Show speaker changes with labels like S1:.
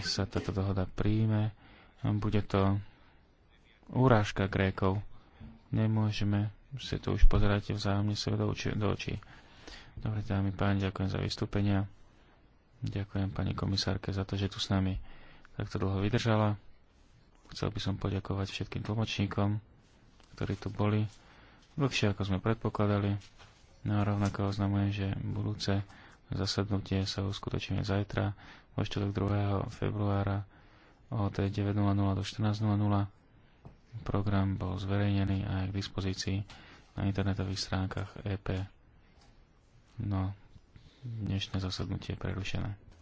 S1: sa táto dohoda príjme, bude to úrážka Grékov. Nemôžeme si to už pozerať vzájomne sebe do, oči, do očí. Dobre, dámy páni, ďakujem za vystúpenia. Ďakujem pani komisárke za to, že tu s nami takto dlho vydržala. Chcel by som poďakovať všetkým tlmočníkom, ktorí tu boli. Dlhšie, ako sme predpokladali. No a rovnako oznamujem, že budúce zasadnutie sa uskutočne zajtra vo štvrtok 2. februára od 9.00 do 14.00. Program bol zverejnený a je k dispozícii na internetových stránkach EP. No, dnešné zasadnutie je prerušené.